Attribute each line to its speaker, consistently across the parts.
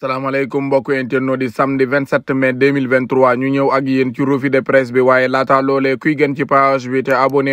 Speaker 1: salaamaaleykum mbokk internet di samedi 27 mai 2023 ñu ñëw ak yéen ci revue de presse bi waaye laata loolee kuy gën ci page bi te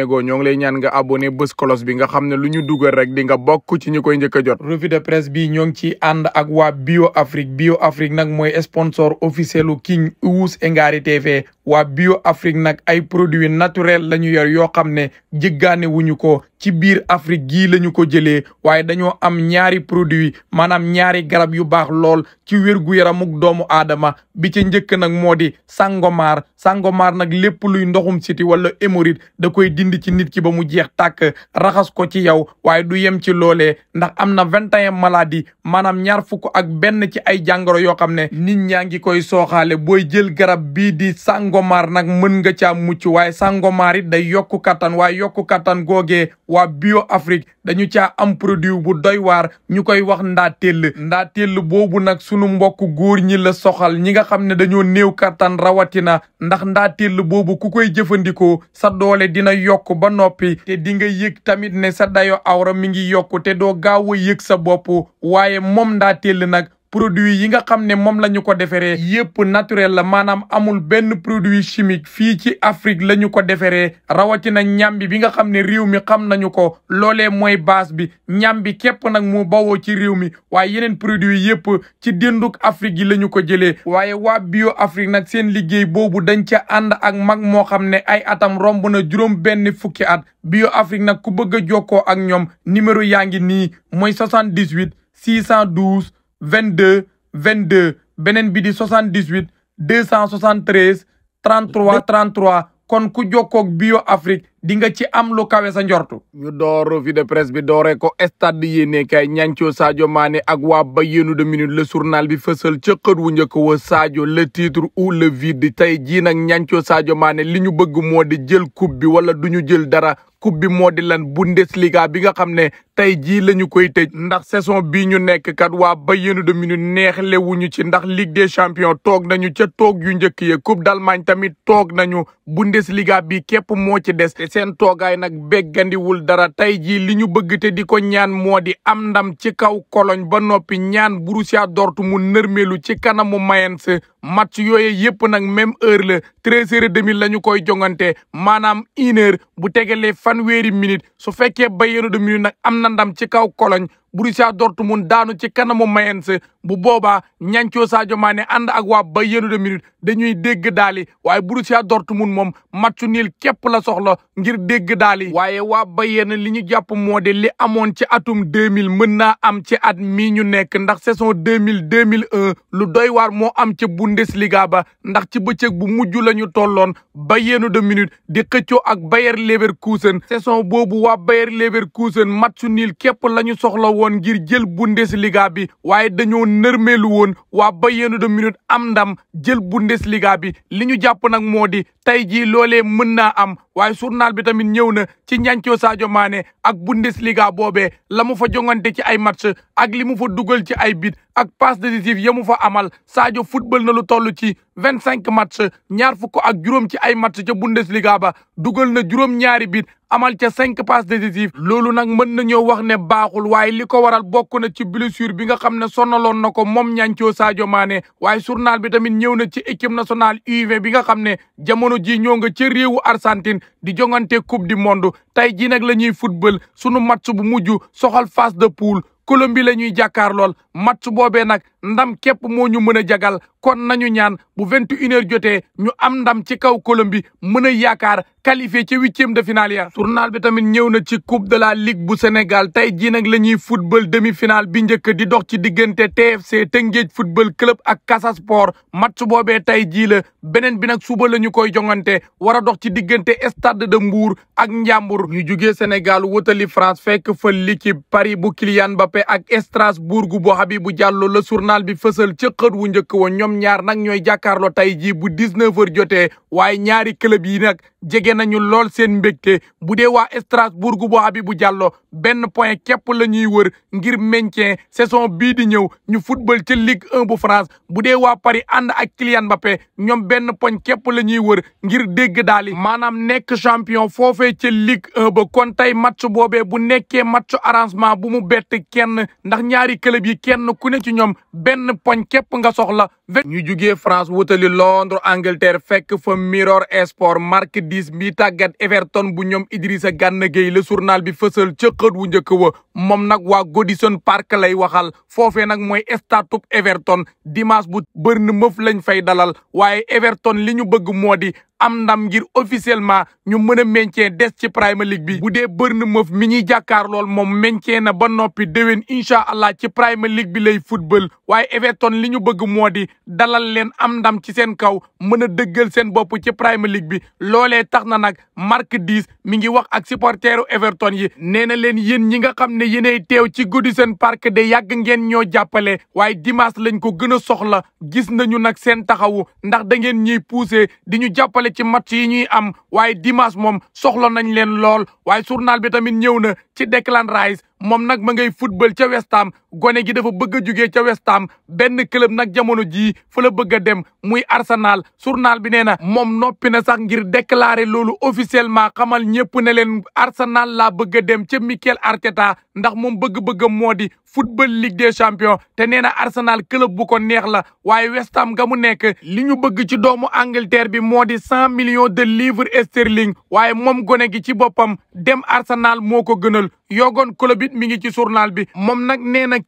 Speaker 1: go ñoo ngi lay ñaan nga abonné bés kolos bi nga xam ne lu ñu dugal rek di nga bokk ci ñu koy njëkk jot revue de presse bi ñoo ngi ci ànd ak waa bio afrique bio afrique nag mooy sponsor officiel u King Ouse Ngary TV waa bio afrique nag ay produits naturel la ñu yor yoo xam ne jéggaane wuñu ko ci biir Afrique gii la ñu ko jëlee waaye dañoo am ñaari produit maanaam ñaari garab yu baax lool ci wér-gu-yaramuk doomu aadama bi ci njëkk nag moo di sangomaar sangomaar nag lépp luy ndoxum siti wala hémorroïde da koy dindi ci nit ki ba mu jeex tàkk raxas ko ci yow waaye du yem ci loole ndax am na vingt et un maladie maanaam ñaar fukk ak benn ci ay jàngoro yoo xam ne nit ñaa ngi koy sooxaale booy jël garab bii di sangomaar nag mën nga caa mucc waaye sangomaar it day yokku kattan waaye yokku kattan googee waa bio Afrique dañu caa am produit bu doy waar ñu koy wax ndaa tell ndaa tell boobu nag sunu mbokk góor ñi la soxal ñi nga xam ne dañoo néew kattan rawatina ndax ndaa tell boobu ku koy jëfandikoo sa doole dina yokk ba noppi te di nga yëg tamit ne sa dayo awra mi ngi yokk te doo gaaw a yëg sa bopp waaye moom ndaa tell nag produit yi nga xam ne moom la ñu ko deferee yépp naturel la maanaam amul benn produit chimique fii ci Afrique la ñu ko deferee rawatina ñambi bi nga xam ne réew mi xam nañu ko loolee mooy base bi ñambi képp nag mu bawoo ci réew mi waaye yeneen produit yépp ci dénduk Afrique yi la ñu ko jëlee waaye waa bio Afrique nag seen liggéey boobu dañ ca ànd ak mag moo xam ne ay atam romb na juróom benn fukki at bio Afrique nag ku bëgg a jokkoo ak ñoom numéro yaa ngi nii mooy 78 612 22 22 beneen bi di 78 273 33 33 kon ku jokkoog bio Afrique di nga ci am lu kawe sa njortu. ñu door revue de presse bi dooree ko stade yéene kay ñancoo Sadio ak waa Bayern de Munich le sournal bi fësal ca xët wu njëkk wa Sadio le titre ou le vide tey jii nag ñancoo Sadio Mané li ñu bëgg moo di jël coupe bi wala du ñu jël dara. coupe bi moo di lan Bundesliga bi nga xam ne tey jii la ñu koy tej ndax saison bii ñu nekk kad waa Bayern de Munich neexle wuñu ci ndax Ligue des champions toog nañu ca toog yu njëkk ya coupe d'Allemagne tamit toog nañu Bundesliga bi képp moo ci des seen toogaay nag beggandiwul dara tey jii li ñu bëgg te di ko ñaan moo di am ndam ci kaw koloñ ba noppi ñaan Borussia dortu mu nërmeelu ci kanamu Mayence match yooyu yëpp nag même heure la treize heures et demi la ñu koy jongante maanaam une heure bu tegalee fanweeri minute su fekkee Bayern de Munich nag am na ndam ci kaw Cologne Borussia mun daanu ci kanamu Mainz bu boobaa ñancoo Sadio Mané ànd ak waa Bayern de Munich dañuy dégg daali waaye Borussia mun moom match nul képp la soxla ngir dégg daali waaye waa Bayern li ñu jàpp moo de li amoon ci atum deux 2000 mën naa am ci at mii ñu nekk ndax saison 2000 2001 lu doy waar moo am ci bun liga ba ndax ci bëccëg bu mujj la ñu tolloon Bayern de Munich di xëccoo ak Bayer Leverkusen seson boobu wa Bayer Leverkusen match nul képp la ñu soxla woon ngir jël bu Bundesliga bi waaye dañoo nërmeelu woon waa Bayern de Munich am ndam jël liga bi li ñu jàpp nag moo di tey jii loolee mën naa am waaye journal bi tamit ñëw na ci ñancoo Sadio maane ak Bundesliga boobee la mu fa jongante ci ay match ak li mu fa dugal ci ay bit ak passe décisive ya mu fa amal Sadio football na lu toll ci vingt cinq match ñaar fukk ak juróom ci ay match ca Bundesliga ba dugal na juróom-ñaari bit amal ca cinq passes décisives loolu nag mën nañoo wax ne baaxul waaye li ko waral bokk na ci blessure bi nga xam ne sonaloon na ko moom ñancoo Sadio Mané waaye journal bi tamit ñëw na ci équipe nationale U20 bi nga xam ne jamono ji ñoo nga ca réewu Argentine di jongante coupe du monde tey ji nag la ñuy football sunu match bu mujj soxal phase de poule Colombie la ñuy jàkkaarlool match boobee nag ndam képp moo ñu mën a jagal kon nañu ñaan bu vingt et une heures jotee ñu am ndam ci kaw Colombie mën a yaakaar qualifié ci huitième de finale ya journal bi tamit ñëw na ci coupe de la ligue bu Sénégal tey jii nag la ñuy football demi-finale bi njëkk di dox ci diggante TFC Tëngéej football club ak Casa Sport match boobee tey jii la beneen bi nag suba la ñu koy jongante war a dox ci diggante stade de Mbour ak Njambur ñu jugee Sénégal wutali France fekk fa l'équipe Paris bu Kylian Mbappé ak Strasbourg bu Habibou la journal bi fësal ci xët njëkk woon ñoom ñoom ñaar nag ñooy jàkkaarloo tey jii bu 19h jotee waaye ñaari club yi nag jege nañu lool seen mbégte bu dee waa Strasbourg bu Habibou Diallo benn point képp la ñuy wër ngir mentien saison bii di ñëw ñu football ci Ligue 1 bu France bu dee waa pari ànd ak Kylian Mbappé ñoom benn poñ képp la ñuy wër ngir dégg daali maanaam nekk champion foofee ci Ligue 1 ba kon tey match boobee bu nekkee match arrangement bu mu bett kenn ndax ñaari club yi kenn ku ne ci ñoom benn poñ képp nga soxla ñu jugee France wutali Londres Angleterre fekk fa Mirror Sport marque dis bi tàggat Everton bu ñoom Idrissa Gana Gueye le journal bi fësal ca xët wu njëkk wa moom nag waa Goodison Park lay waxal foofee nag mooy statut Everton dimanche bu bërn mëf lañ fay dalal waaye Everton li ñu bëgg moo di am ndam ngir officiellement ñu mën a maintien des ci Premier League bi bu dee Bournemouth mi ñuy jàkkaar lool moom maintien na ba noppi déwén incha allah ci Premier League bi lay football waaye Everton li ñu bëgg moo di dalal leen am ndam ci seen kaw mën a dëggal seen bopp ci Premier League bi loolee tax na nag Mark Dies mi ngi wax ak supporteru Everton yi nee na leen yéen ñi nga xam ne yéenay teew ci godi seen Park de yàgg ngeen ñoo jàppale waaye dimanche lañ ko gën a soxla gis nañu nag seen taxawu ndax da ngeen ñuy pousser di ñu jàppale boole ci match yi ñuy am waaye dimanche moom soxla nañ leen lool waaye journal bi tamit ñëw na ci Declan Rice moom nag ma ngay football ca West Ham gone gi dafa bëgg a jugee ca West Ham benn club nag jamono jii fa la bëgg a dem muy Arsenal journal bi nee na moom noppi na sax ngir déclarer loolu officiellement xamal ñëpp ne leen Arsenal laa bëgg dem ca Mikel Arteta ndax moom bëgg-bëgg moo di football Ligue des champions te nee na Arsenal club bu ko neex la waaye West Ham ga mu nekk li ñu bëgg ci doomu Angleterre bi moo di cent millions de livres sterling waaye moom gone gi ci boppam dem Arsenal moo ko gënal yoogoon mi ngi ci journal bi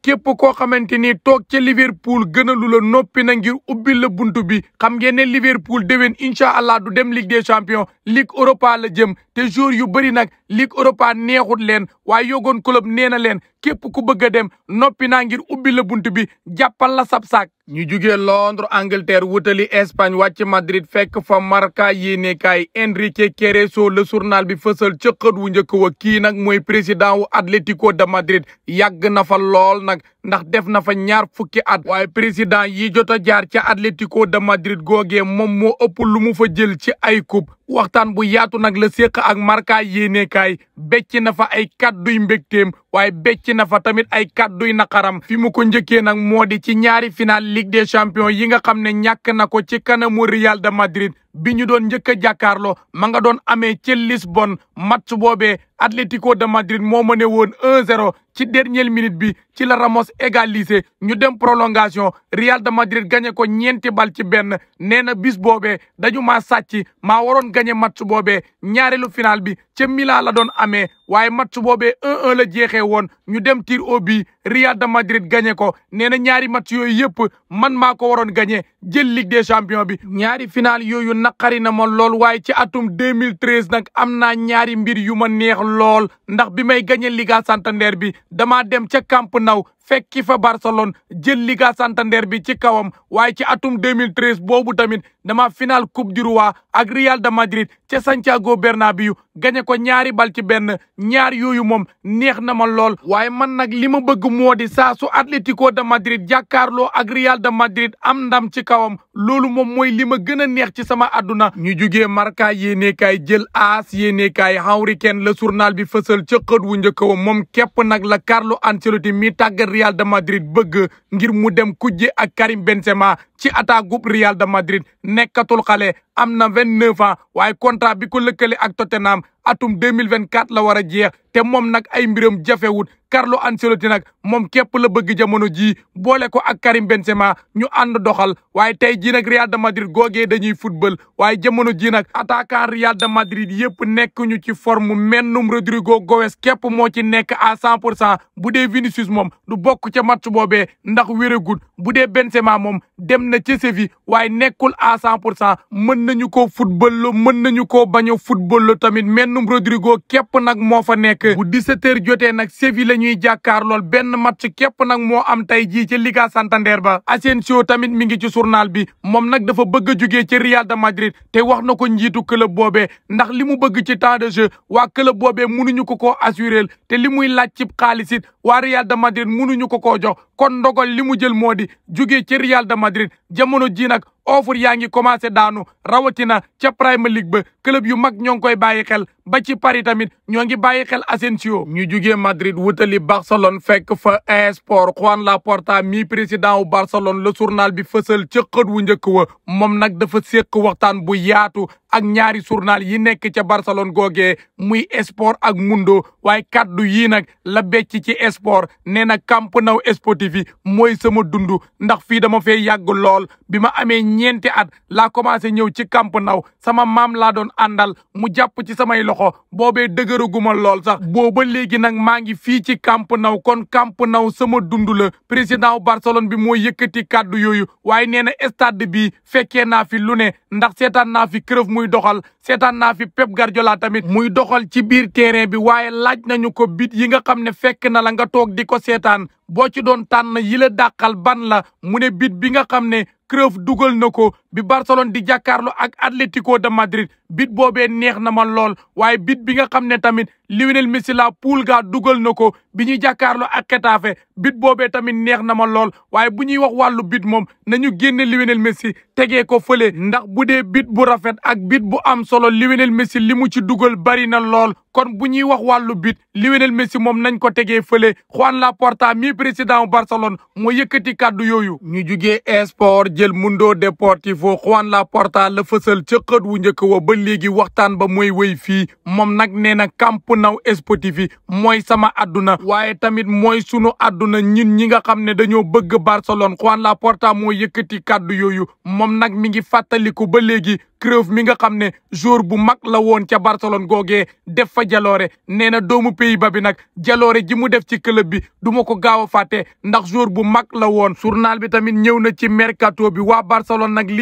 Speaker 1: képp koo xamante ni toog ca Liverpool gën a lu la noppi na ngir ubbi la buntu bi xam ngeen ne Liverpool déwén incha allah du dem Ligue des champions Ligue Europa la jëm te jour yu bëri nag Ligue Europa neexut leen waaye yogoon club nee na leen képp ku bëgg a dem noppi naa ngir ubbi la buntu bi jàppal la sab saak ñu jugee Londres Angleterre wutali Espagne wàcc Madrid fekk fa Marca yéenekaay Enrique Cerezo le journal bi fësal ca xët wu njëkk wa kii nag mooy président wu Atlético de Madrid yàgg na fa lool nag ndax def na fa ñaar fukki at waaye président yi jot a jaar ci Atlético de Madrid googee moom moo ëpp lu mu fa jël ci ay coupe waxtaan bu yaatu nag la séq ak marka yéenekaay becc na fa ay kàdduy mbégteem waaye becc na fa tamit ay kàdduy naqaram fi mu ko njëkkee nag moo di ci ñaari final Ligue des champions yi nga xam ne ñàkk na ko ci kanamu Real de Madrid bi ñu doon njëkk a jàkkaarloo ma nga doon amee ci Lisbonne match boobee Atlético de Madrid moo mëne woon 1 ci dernière minute bi ci la Ramos égalisé ñu dem prolongation Real de Madrid gañe ko ñeenti bal ci benn nee na bis boobee dañu maa sàcc maa waroon gagné match boobee ñaareelu final bi ca Milan la doon amee waaye match boobee 1-1 la jeexee woon ñu dem tir au but Real de Madrid gagné ko nee na ñaari match yooyu yëpp man maa ko waroon gagné jël Ligue des champions bi. ñaari final yooyu naqari na ma lool waaye ci atum 2013 nag am naa ñaari mbir yu ma neex lool ndax bi may gagné Liga Santander bi damaa dem ca kamp Nou fekki fa Barcelone jël Liga Santander bi ci kawam waaye ci atum 2013 boobu tamit dama final coupe du roi ak Real de Madrid ca Santiago Bernabéu gañe ko ñaari bal ci benn ñaar yooyu moom neex na ma lool. waaye man nag li ma bëgg moo di saa su Atlético de Madrid jàkkaarloo ak Real de Madrid am ndam ci kawam loolu moom mooy li ma gën a neex ci sama àdduna. ñu jugee Marca yéenekaay jël AS yéenekaay Harry Kane la journal bi fësal ca xët wu njëkk moom képp nag la Carlo Ancelotti mi tàggat Real de Madrid bëgg ngir mu dem kujje ak Karim Benzema ci attaque groupe Real de Madrid nekkatul xale am na vingt neuf ans waaye contrat bi ko lëkkale ak Tottenham atum deux mille vingt quatre la war a jeex te moom nag ay mbiram jafewut Carlo Ancelotti nag moom képp la bëgg jamono jii boole ko ak Karim Benzema ñu ànd doxal waaye tey jii nag Real de Madrid googee dañuy football waaye jamono jii nag attaquant Real de Madrid yëpp nekk ñu ci forme mennum Rodrigo Goes képp moo ci nekk à cent pour cent bu dee Vinicius moom du bokk ca match boobee ndax wéregul bu dee Benzema moom dem na ca Séville waaye nekkul à cent pour cent mën nañu koo football mën nañu koo bañ a football tamit menn Brandon Rodrigo képp nag moo fa nekk bu 17h jotee nag Séville la ñuy jàkkaar lool benn match képp nag moo am tey jii ci Liga Santander ba Asensio tamit mi ngi ci journal bi moom nag dafa bëgg a jugee ci Real de Madrid te wax na ko njiitu club boobee ndax li mu bëgg ci temps de jeu waa club boobee mënuñu ko ko assuréel te li muy laaj cib xaalis it waa Real de Madrid mënuñu ko koo jox kon ndogal li mu jël moo di jugee ci Real de Madrid jamono ji nag offre yaa ngi commencé daanu rawatina ca Premier League ba club yu mag ñoo ngi koy bàyyi xel ba ci Paris tamit ñoo ngi bàyyi xel Asensio ñu jugee Madrid wutali Barcelone fek fa esport Juan Laporta mi président wu Barcelone le journal bi fësal ca xët wu njëkk wa moom nag dafa séq waxtaan bu yaatu ak ñaari journal yi nekk ca Barcelone googee muy esport ak Mundo waaye kaddu yii nag la becc ci esport nee na naw Nou sportif yi mooy sama dund ndax fii dama fe yàgg lool bi ma ñeenti at laa commencé ñëw ci kamp Ndaw sama maam laa doon àndal mu jàpp ci samay loxo boobee dëgëraguma lool sax booba léegi nag maa ngi fii ci Camp Ndaw kon Camp Ndaw sama dund la président Barcelone bi mooy yëkkati kàddu yooyu waaye nee na stade bi fekkee naa fi lu ne ndax seetaan naa fi Cruyff muy doxal seetaan naa fi Pep Guardiola tamit muy doxal ci biir terrain bi waaye laaj nañu ko bit yi nga xam ne fekk na la nga toog di ko seetaan boo ci doon tànn yi la dàqal ban la mu ne bit bi nga xam ne Cruyff dugal na ko bi Barcelone di jàkkaarloo ak Atlético de Madrid bit boobee neex na ma lool waaye bit bi nga xam ne tamit Lionel Messi la Pulga dugal na ko bi ñuy jàkkaarloo ak Getafe bit boobee tamit neex na ma lool waaye bu ñuy wax wàllu bit moom nañu génne Lionel Messi tegee ko fële ndax bu dee bit bu rafet ak bit bu am solo Lionel Messi li mu ci dugal bari na lool kon bu ñuy wax wàllu bit Lionel Messi moom nañ ko tegee fële Juan Laporta mi président Barcelone moo yëkkati kàddu yooyu ñu jugee esport jël Mundo Deportivo Bravo Juan Laporta la fësal ca xët wu njëkk wa ba léegi waxtaan ba mooy wéy fii moom nag nee na Camp Nou Spotify mooy sama àdduna waaye tamit mooy sunu àdduna ñun ñi nga xam ne dañoo bëgg Barcelone la Laporta moo yëkkati kàddu yooyu moom nag mi ngi fàttaliku ba léegi Cruyff mi nga xam ne jour bu mag la woon ca Barcelone googee def fa jaloore nee na doomu pays ba bi nag jaloore ji mu def ci club bi du ma ko gaaw a ndax joueur bu mag la woon journal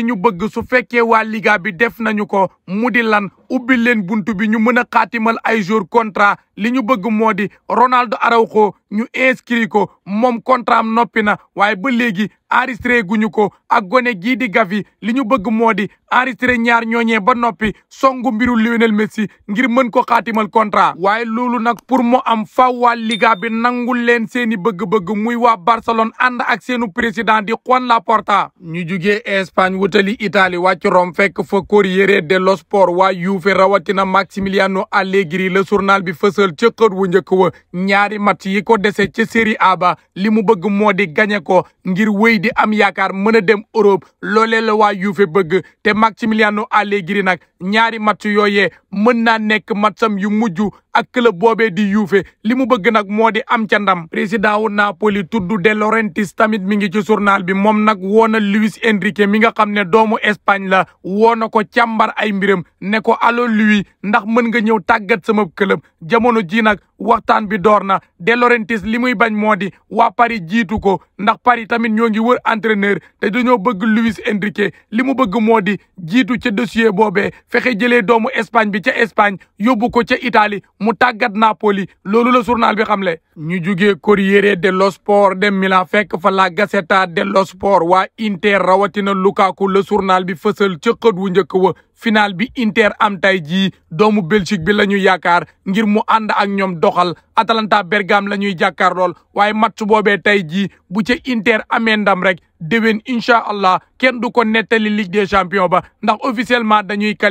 Speaker 1: ñu bëgg su fekkee waa liga bi def nañu ko mu di lan ubbi leen buntu bi ñu mën a xaatimal ay jour contrat li ñu bëgg moo di Ronaldo Araujo ñu inscrit ko moom contrat am noppi na waaye ba léegi enregistré guñu ko ak gone gii di Gavi li ñu bëgg moo di enregistré ñaar ñooñee ba noppi songu mbiru Lionel Messi ngir mën ko xaatimal contrat. waaye loolu nag pour mu am fa waa Liga bi nangul leen seen i bëgg-bëgg muy waa Barcelone ànd ak seenu président di Juan Laporta. ñu jugee Espagne wutali Italie wàcc Rome fekk fa Corriere dello Sport waa Juve rawatina Maximiliano Allegri le journal bi fësal ca xët wu njëkk wa ñaari match yi ko dese ca série A ba li mu bëgg moo di gagné ko ngir wéy di am yaakaar mën a dem Europe loolee la waa Juve bëgg te Maximiliano Allegri nag ñaari match yooyee mën naa nekk matsam yu mujj ak club boobe di Juve li mu bëgg nag moo di am ca ndam président wu Napoli tuddu De Laurentiis tamit mi ngi ci journal bi moom nag woo na Luis Enrique mi nga xam ne doomu Espagne la woo na ko càmbar ay mbiram ne ko alo Luis ndax mën nga ñëw tàggat sama club jamono ji nag waxtaan bi door na De Laurentiis li muy bañ moo di waa Paris jiitu ko ndax Paris tamit ñoo ngi wër entraîneur te dañoo bëgg Luis Enrique li mu bëgg moo di jiitu ca dossier boobe fexe jëlee doomu Espagne bi ca Espagne yóbbu ko ca itali mu tàggat Napoli loolu la journal bi xam xamle. ñu jugee Corriere dello Sport dem Milan fekk fa la Gazzetta dello Sport waa Inter rawatina Lukaku la journal bi fësal ca xët wu njëkk wa final bi Inter am tey jii doomu Belgique bi la ñu yaakaar ngir mu ànd ak ñoom doxal Atalanta Bergame la ñuy jàkkaar lool waaye match boobee tey jii bu ca Inter amee ndam rek déwén incha allah kenn du ko nettali ligue des champions ba ndax officiellement dañuy luka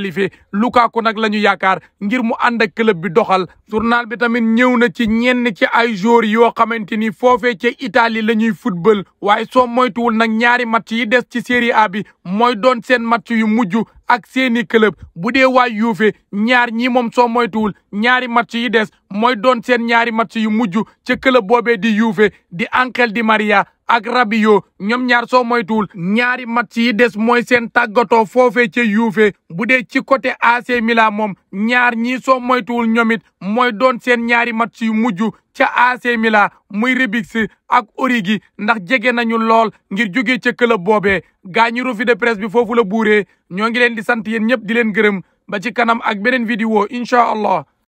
Speaker 1: Lukaku nag la ñu yaakaar ngir mu ànd ak club bi doxal journal bi tamit ñëw na ci ñenn ci ay joueurs yoo xamante ni foofee ca Italie la ñuy football waaye soo moytuwul nag ñaari match yi des ci Serie A bi mooy doon seen match yu mujj ak seeni club bu dee waa Juve ñaar ñi moom soo moytuwul ñaari match yi des mooy doon seen ñaari match yu mujj ci club boobee di Juve di Angel Di Maria ak Rabiot ñom ñaar soo moytuwul ñaari match yi des mooy seen tàggatoo foofe ca Juve bu dee ci côté AC Milan moom ñaar ñii soo moytuwul ñoom it mooy doon seen ñaari match yu mujj ca AC Milan muy Rebić ak Origi ndax jege nañu lool ngir jóge ca club boobee gaa ñi revue de presse bi foofu la buuree ñoo ngi leen di sant yéen ñëpp di leen gërëm ba ci kanam ak beneen vidéo incha allah